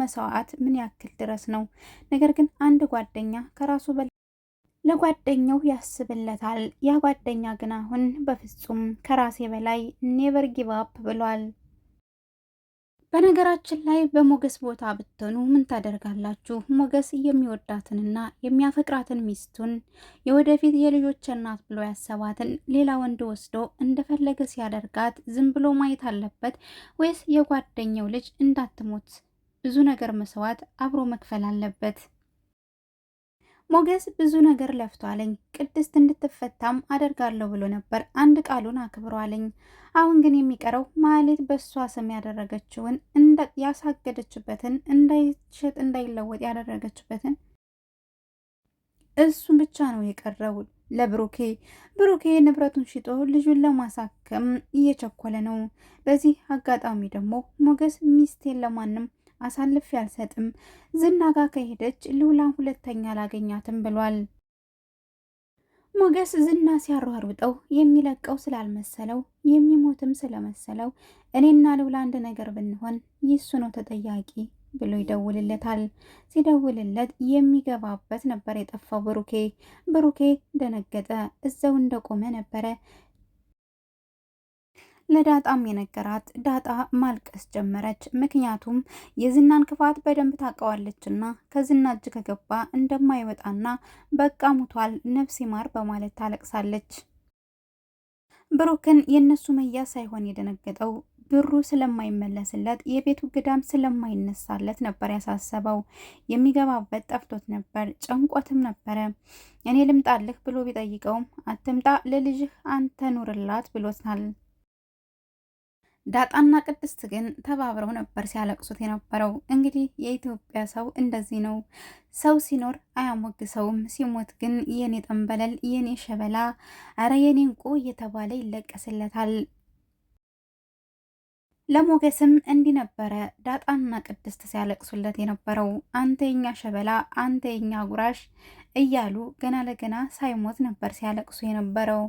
መስዋዕት ምን ያክል ድረስ ነው? ነገር ግን አንድ ጓደኛ ከራሱ በላይ ለጓደኛው ያስብለታል። ያ ጓደኛ ግን አሁን በፍጹም ከራሴ በላይ ኔቨር ጊቭ አፕ ብሏል። በነገራችን ላይ በሞገስ ቦታ ብትሆኑ ምን ታደርጋላችሁ? ሞገስ የሚወዳትንና የሚያፈቅራትን ሚስቱን የወደፊት የልጆች እናት ብሎ ያሰባትን ሌላ ወንድ ወስዶ እንደፈለገ ሲያደርጋት ዝም ብሎ ማየት አለበት ወይስ የጓደኛው ልጅ እንዳትሞት ብዙ ነገር መስዋዕት አብሮ መክፈል አለበት። ሞገስ ብዙ ነገር ለፍቷለኝ ቅድስት እንድትፈታም አደርጋለሁ ብሎ ነበር። አንድ ቃሉን አክብሯለኝ። አሁን ግን የሚቀረው ማህሌት በእሷ ስም ያደረገችውን ያሳገደችበትን፣ እንዳይሸጥ እንዳይለወጥ ያደረገችበትን እሱን ብቻ ነው የቀረው ለብሩኬ። ብሩኬ ንብረቱን ሽጦ ልጁን ለማሳከም እየቸኮለ ነው። በዚህ አጋጣሚ ደግሞ ሞገስ ሚስቴን ለማንም አሳልፌ አልሰጥም። ዝና ጋር ከሄደች ልውላን ሁለተኛ አላገኛትም ብሏል። ሞገስ ዝና ሲያሯሩጠው የሚለቀው ስላልመሰለው የሚሞትም ስለመሰለው እኔና ልውላ አንድ ነገር ብንሆን ይሱ ነው ተጠያቂ ብሎ ይደውልለታል። ሲደውልለት የሚገባበት ነበር የጠፋው ብሩኬ። ብሩኬ ደነገጠ። እዛው እንደቆመ ነበረ ለዳጣም የነገራት ዳጣ ማልቀስ ጀመረች። ምክንያቱም የዝናን ክፋት በደንብ ታውቀዋለችና ከዝና እጅ ከገባ እንደማይወጣና በቃ ሙቷል ነፍሴ ማር በማለት ታለቅሳለች። ብሩክን የእነሱ መያ ሳይሆን የደነገጠው ብሩ ስለማይመለስለት የቤቱ ግዳም ስለማይነሳለት ነበር ያሳሰበው። የሚገባበት ጠፍቶት ነበር፣ ጨንቆትም ነበረ። እኔ ልምጣልህ ብሎ ቢጠይቀውም አትምጣ፣ ለልጅህ አንተ ኑርላት ብሎታል። ዳጣና ቅድስት ግን ተባብረው ነበር ሲያለቅሱት የነበረው። እንግዲህ የኢትዮጵያ ሰው እንደዚህ ነው። ሰው ሲኖር አያሞግሰውም፣ ሲሞት ግን የኔ ጠንበለል፣ የኔ ሸበላ፣ አረ የኔ እንቁ እየተባለ ይለቀስለታል። ለሞገስም እንዲህ ነበረ ዳጣና ቅድስት ሲያለቅሱለት የነበረው። አንተ የኛ ሸበላ፣ አንተ የኛ ጉራሽ እያሉ ገና ለገና ሳይሞት ነበር ሲያለቅሱ የነበረው።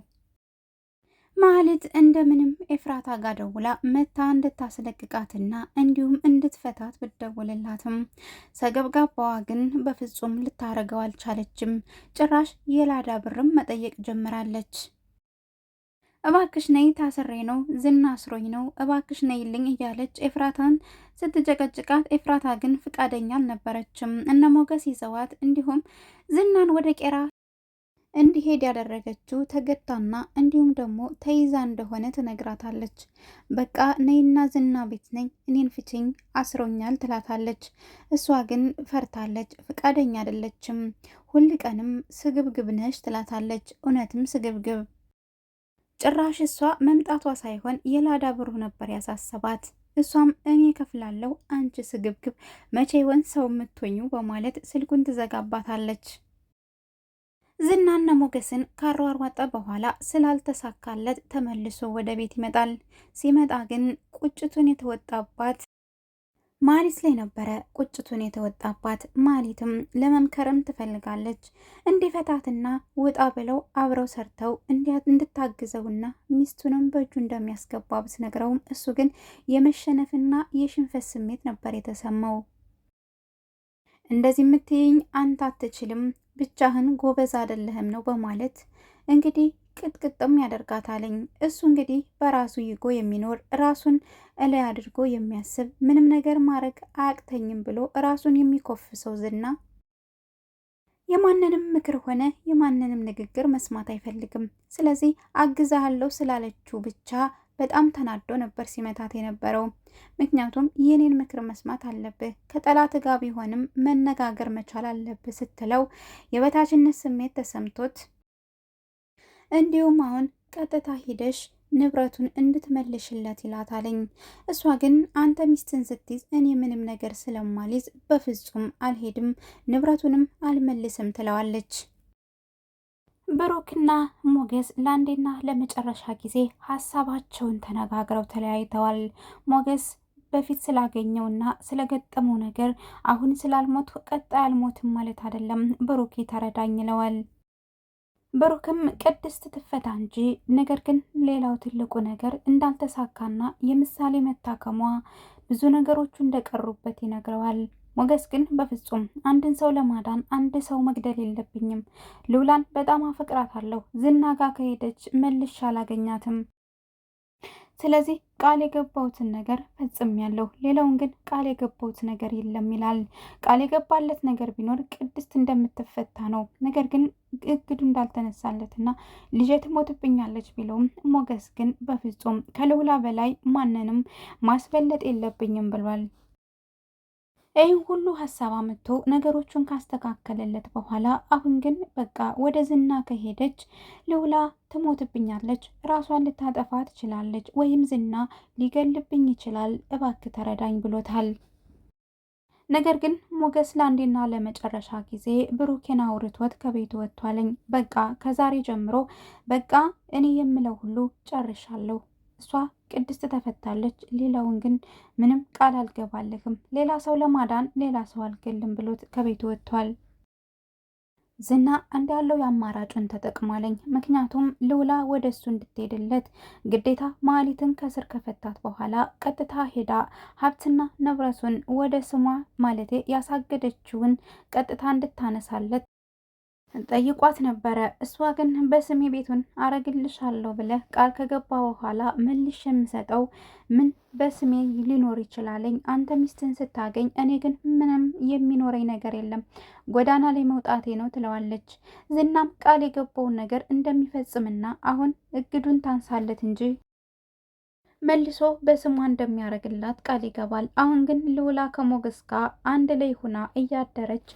ማህሌት እንደምንም ኤፍራታ ጋር ደውላ መታ እንድታስለቅቃትና እንዲሁም እንድትፈታት ብትደውልላትም ሰገብጋባዋ ግን በፍጹም ልታረገው አልቻለችም። ጭራሽ የላዳ ብርም መጠየቅ ጀምራለች። እባክሽ ነይ፣ ታስሬ ነው፣ ዝና አስሮኝ ነው፣ እባክሽ ነይልኝ እያለች ኤፍራታን ስትጨቀጭቃት፣ ኤፍራታ ግን ፍቃደኛ አልነበረችም። እነ ሞገስ ይዘዋት እንዲሁም ዝናን ወደ ቄራ እንዲሄድ ያደረገችው ተገታና እንዲሁም ደግሞ ተይዛ እንደሆነ ትነግራታለች። በቃ ነይና ዝና ቤት ነኝ፣ እኔን ፍችኝ፣ አስሮኛል ትላታለች። እሷ ግን ፈርታለች፣ ፈቃደኛ አይደለችም። ሁል ቀንም ስግብግብ ነሽ ትላታለች። እውነትም ስግብግብ ጭራሽ እሷ መምጣቷ ሳይሆን የላዳ ብሩ ነበር ያሳሰባት። እሷም እኔ ከፍላለሁ፣ አንቺ ስግብግብ መቼ ወን ሰው የምትሆኙ በማለት ስልኩን ትዘጋባታለች። ዝናና ሞገስን ካሯሯጠ በኋላ ስላልተሳካለት ተመልሶ ወደ ቤት ይመጣል። ሲመጣ ግን ቁጭቱን የተወጣባት ማሊት ላይ ነበረ። ቁጭቱን የተወጣባት ማሊትም ለመምከርም ትፈልጋለች። እንዲፈታትና ውጣ ብለው አብረው ሰርተው እንድታግዘውና ሚስቱንም በእጁ እንደሚያስገባ ብትነግረውም እሱ ግን የመሸነፍና የሽንፈት ስሜት ነበር የተሰማው። እንደዚህ የምትይኝ አንተ አትችልም ብቻህን ጎበዝ አይደለህም ነው በማለት እንግዲህ ቅጥቅጥም ያደርጋታለኝ። እሱ እንግዲህ በራሱ ይጎ የሚኖር ራሱን እላይ አድርጎ የሚያስብ ምንም ነገር ማድረግ አያቅተኝም ብሎ ራሱን የሚኮፍሰው ዝና የማንንም ምክር ሆነ የማንንም ንግግር መስማት አይፈልግም። ስለዚህ አግዛሃለሁ ስላለችው ብቻ በጣም ተናዶ ነበር ሲመታት የነበረው። ምክንያቱም የኔን ምክር መስማት አለብህ፣ ከጠላት ጋር ቢሆንም መነጋገር መቻል አለብህ ስትለው የበታችነት ስሜት ተሰምቶት እንዲሁም አሁን ቀጥታ ሂደሽ ንብረቱን እንድትመልሽለት ይላታለኝ። እሷ ግን አንተ ሚስትን ስትይዝ እኔ ምንም ነገር ስለማልይዝ በፍጹም አልሄድም፣ ንብረቱንም አልመልስም ትለዋለች። ብሩክና ሞገስ ለአንዴና ለመጨረሻ ጊዜ ሀሳባቸውን ተነጋግረው ተለያይተዋል። ሞገስ በፊት ስላገኘውና ስለገጠመው ነገር አሁን ስላልሞት ቀጣይ አልሞትም ማለት አይደለም፣ ብሩክ ተረዳኝ ይለዋል። ብሩክም ቅድስት ትፈታ እንጂ ነገር ግን ሌላው ትልቁ ነገር እንዳልተሳካና የምሳሌ መታከሟ ብዙ ነገሮቹ እንደቀሩበት ይነግረዋል። ሞገስ ግን በፍጹም አንድን ሰው ለማዳን አንድ ሰው መግደል የለብኝም። ሉላን በጣም አፈቅራታለሁ። ዝና ጋ ከሄደች መልሼ አላገኛትም። ስለዚህ ቃል የገባሁትን ነገር ፈጽሜያለሁ። ሌላውን ግን ቃል የገባሁት ነገር የለም ይላል። ቃል የገባለት ነገር ቢኖር ቅድስት እንደምትፈታ ነው። ነገር ግን እግዱ እንዳልተነሳለትና ልጄ ትሞትብኛለች ቢለውም ሞገስ ግን በፍጹም ከልውላ በላይ ማንንም ማስበለጥ የለብኝም ብሏል። ይህን ሁሉ ሀሳብ አምጥቶ ነገሮቹን ካስተካከለለት በኋላ አሁን ግን በቃ ወደ ዝና ከሄደች ልውላ ትሞትብኛለች፣ ራሷን ልታጠፋ ትችላለች፣ ወይም ዝና ሊገልብኝ ይችላል፣ እባክ ተረዳኝ ብሎታል። ነገር ግን ሞገስ ለአንዴና ለመጨረሻ ጊዜ ብሩኬን አውርቶት ከቤት ወጥቷለኝ። በቃ ከዛሬ ጀምሮ በቃ እኔ የምለው ሁሉ ጨርሻለሁ እሷ ቅድስት ተፈታለች። ሌላውን ግን ምንም ቃል አልገባልህም፣ ሌላ ሰው ለማዳን ሌላ ሰው አልገልም ብሎት ከቤት ወጥቷል። ዝና እንዲ ያለው የአማራጩን ተጠቅማለኝ። ምክንያቱም ልውላ ወደ እሱ እንድትሄድለት ግዴታ ማሊትን ከስር ከፈታት በኋላ ቀጥታ ሄዳ ሀብትና ንብረቱን ወደ ስሟ ማለቴ ያሳገደችውን ቀጥታ እንድታነሳለት ጠይቋት ነበረ። እሷ ግን በስሜ ቤቱን አረግልሻለሁ ብለህ ቃል ከገባ በኋላ መልሽ የምሰጠው ምን በስሜ ሊኖር ይችላለኝ? አንተ ሚስትን ስታገኝ እኔ ግን ምንም የሚኖረኝ ነገር የለም ጎዳና ላይ መውጣቴ ነው ትለዋለች። ዝናም ቃል የገባውን ነገር እንደሚፈጽምና አሁን እግዱን ታንሳለት እንጂ መልሶ በስሟ እንደሚያደርግላት ቃል ይገባል። አሁን ግን ልውላ ከሞገስ ጋር አንድ ላይ ሁና እያደረች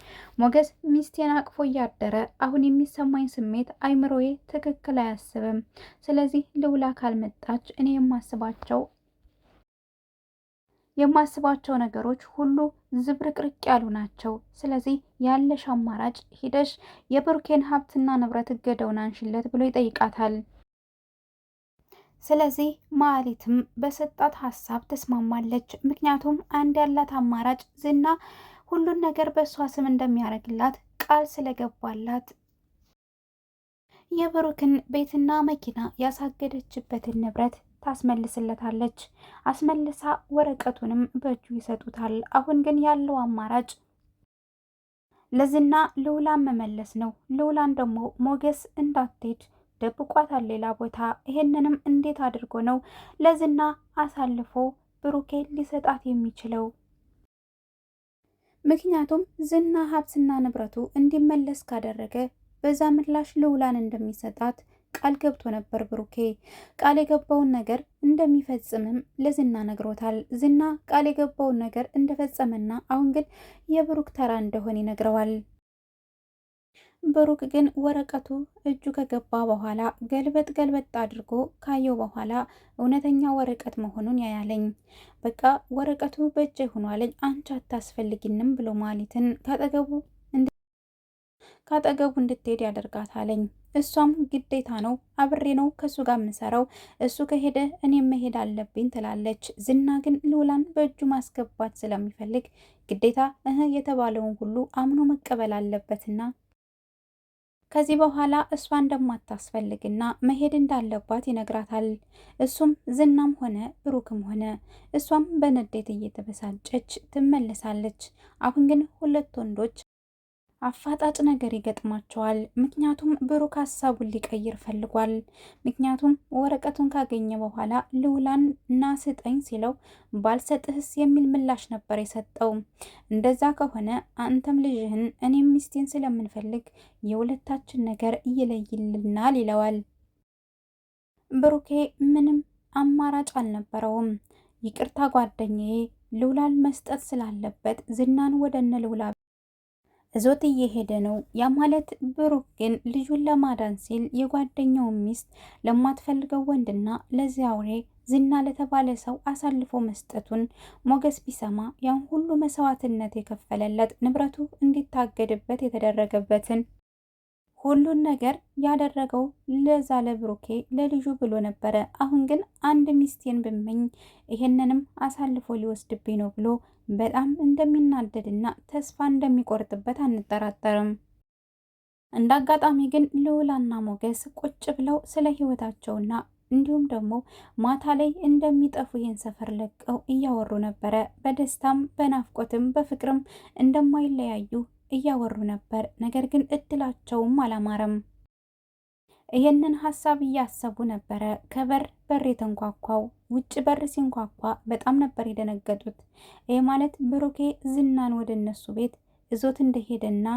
ሞገስ ሚስቴን አቅፎ እያደረ አሁን የሚሰማኝ ስሜት አይምሮዬ ትክክል አያስብም። ስለዚህ ልውላ ካልመጣች እኔ የማስባቸው የማስባቸው ነገሮች ሁሉ ዝብርቅርቅ ያሉ ናቸው። ስለዚህ ያለሽ አማራጭ ሂደሽ የብሩኬን ሀብትና ንብረት እገደውን አንሽለት ብሎ ይጠይቃታል። ስለዚህ ማሊትም በሰጣት ሀሳብ ተስማማለች። ምክንያቱም አንድ ያላት አማራጭ ዝና ሁሉን ነገር በእሷ ስም እንደሚያደርግላት ቃል ስለገባላት የብሩክን ቤትና መኪና ያሳገደችበትን ንብረት ታስመልስለታለች። አስመልሳ ወረቀቱንም በእጁ ይሰጡታል። አሁን ግን ያለው አማራጭ ለዝና ልውላን መመለስ ነው። ልውላን ደግሞ ሞገስ እንዳትሄድ ደብቋታል ሌላ ቦታ። ይሄንንም እንዴት አድርጎ ነው ለዝና አሳልፎ ብሩኬ ሊሰጣት የሚችለው? ምክንያቱም ዝና ሀብትና ንብረቱ እንዲመለስ ካደረገ በዛ ምላሽ ልውላን እንደሚሰጣት ቃል ገብቶ ነበር። ብሩኬ ቃል የገባውን ነገር እንደሚፈጽምም ለዝና ነግሮታል። ዝና ቃል የገባውን ነገር እንደፈጸመና አሁን ግን የብሩክ ተራ እንደሆነ ይነግረዋል። ብሩክ ግን ወረቀቱ እጁ ከገባ በኋላ ገልበጥ ገልበጥ አድርጎ ካየው በኋላ እውነተኛ ወረቀት መሆኑን ያያለኝ። በቃ ወረቀቱ በእጄ ሆኗለኝ፣ አንቺ አታስፈልጊንም ብሎ ማሊትን ካጠገቡ እንድትሄድ ያደርጋታለኝ። እሷም ግዴታ ነው አብሬ ነው ከእሱ ጋር የምሰራው እሱ ከሄደ እኔም መሄድ አለብኝ ትላለች። ዝና ግን ልውላን በእጁ ማስገባት ስለሚፈልግ ግዴታ እህ የተባለውን ሁሉ አምኖ መቀበል አለበትና ከዚህ በኋላ እሷ እንደማታስፈልግና መሄድ እንዳለባት ይነግራታል። እሱም ዝናም ሆነ ብሩክም ሆነ እሷም በንዴት እየተበሳጨች ትመለሳለች። አሁን ግን ሁለት ወንዶች አፋጣጭ ነገር ይገጥማቸዋል። ምክንያቱም ብሩክ ሀሳቡን ሊቀይር ፈልጓል። ምክንያቱም ወረቀቱን ካገኘ በኋላ ልውላን እና ስጠኝ ሲለው ባልሰጥህስ የሚል ምላሽ ነበር የሰጠው። እንደዛ ከሆነ አንተም ልጅህን እኔም ሚስቴን ስለምንፈልግ የሁለታችን ነገር ይለይልናል ይለዋል። ብሩኬ ምንም አማራጭ አልነበረውም። ይቅርታ ጓደኛዬ ልውላን መስጠት ስላለበት ዝናን ወደ እነ ልውላ እዞት እየሄደ ነው። ያ ማለት ብሩክ ግን ልጁን ለማዳን ሲል የጓደኛውን ሚስት ለማትፈልገው ወንድና ለዚያ አውሬ ዝና ለተባለ ሰው አሳልፎ መስጠቱን ሞገስ ቢሰማ ያን ሁሉ መስዋዕትነት የከፈለለት ንብረቱ እንዲታገድበት የተደረገበትን ሁሉን ነገር ያደረገው ለዛ ለብሩኬ ለልጁ ብሎ ነበረ። አሁን ግን አንድ ሚስቴን ብመኝ ይሄንንም አሳልፎ ሊወስድብኝ ነው ብሎ በጣም እንደሚናደድና ተስፋ እንደሚቆርጥበት አንጠራጠርም። እንደ አጋጣሚ ግን ልውላና ሞገስ ቁጭ ብለው ስለ ህይወታቸውና እንዲሁም ደግሞ ማታ ላይ እንደሚጠፉ ይህን ሰፈር ለቀው እያወሩ ነበረ። በደስታም በናፍቆትም በፍቅርም እንደማይለያዩ እያወሩ ነበር። ነገር ግን እድላቸውም አላማረም። ይህንን ሀሳብ እያሰቡ ነበረ። ከበር በር የተንኳኳው ውጭ በር ሲንኳኳ በጣም ነበር የደነገጡት። ይህ ማለት ብሩኬ ዝናን ወደ እነሱ ቤት እዞት እንደሄደና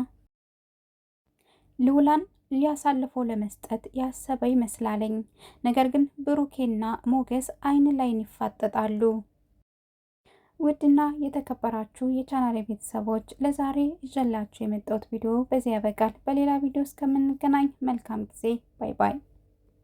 ልውላን ሊያሳልፈው ለመስጠት ያሰበ ይመስላለኝ። ነገር ግን ብሩኬና ሞገስ አይን ላይን ይፋጠጣሉ። ውድና የተከበራችሁ የቻናል ቤተሰቦች ለዛሬ ይዤላችሁ የመጣሁት ቪዲዮ በዚህ ያበቃል። በሌላ ቪዲዮ እስከምንገናኝ መልካም ጊዜ። ባይ ባይ።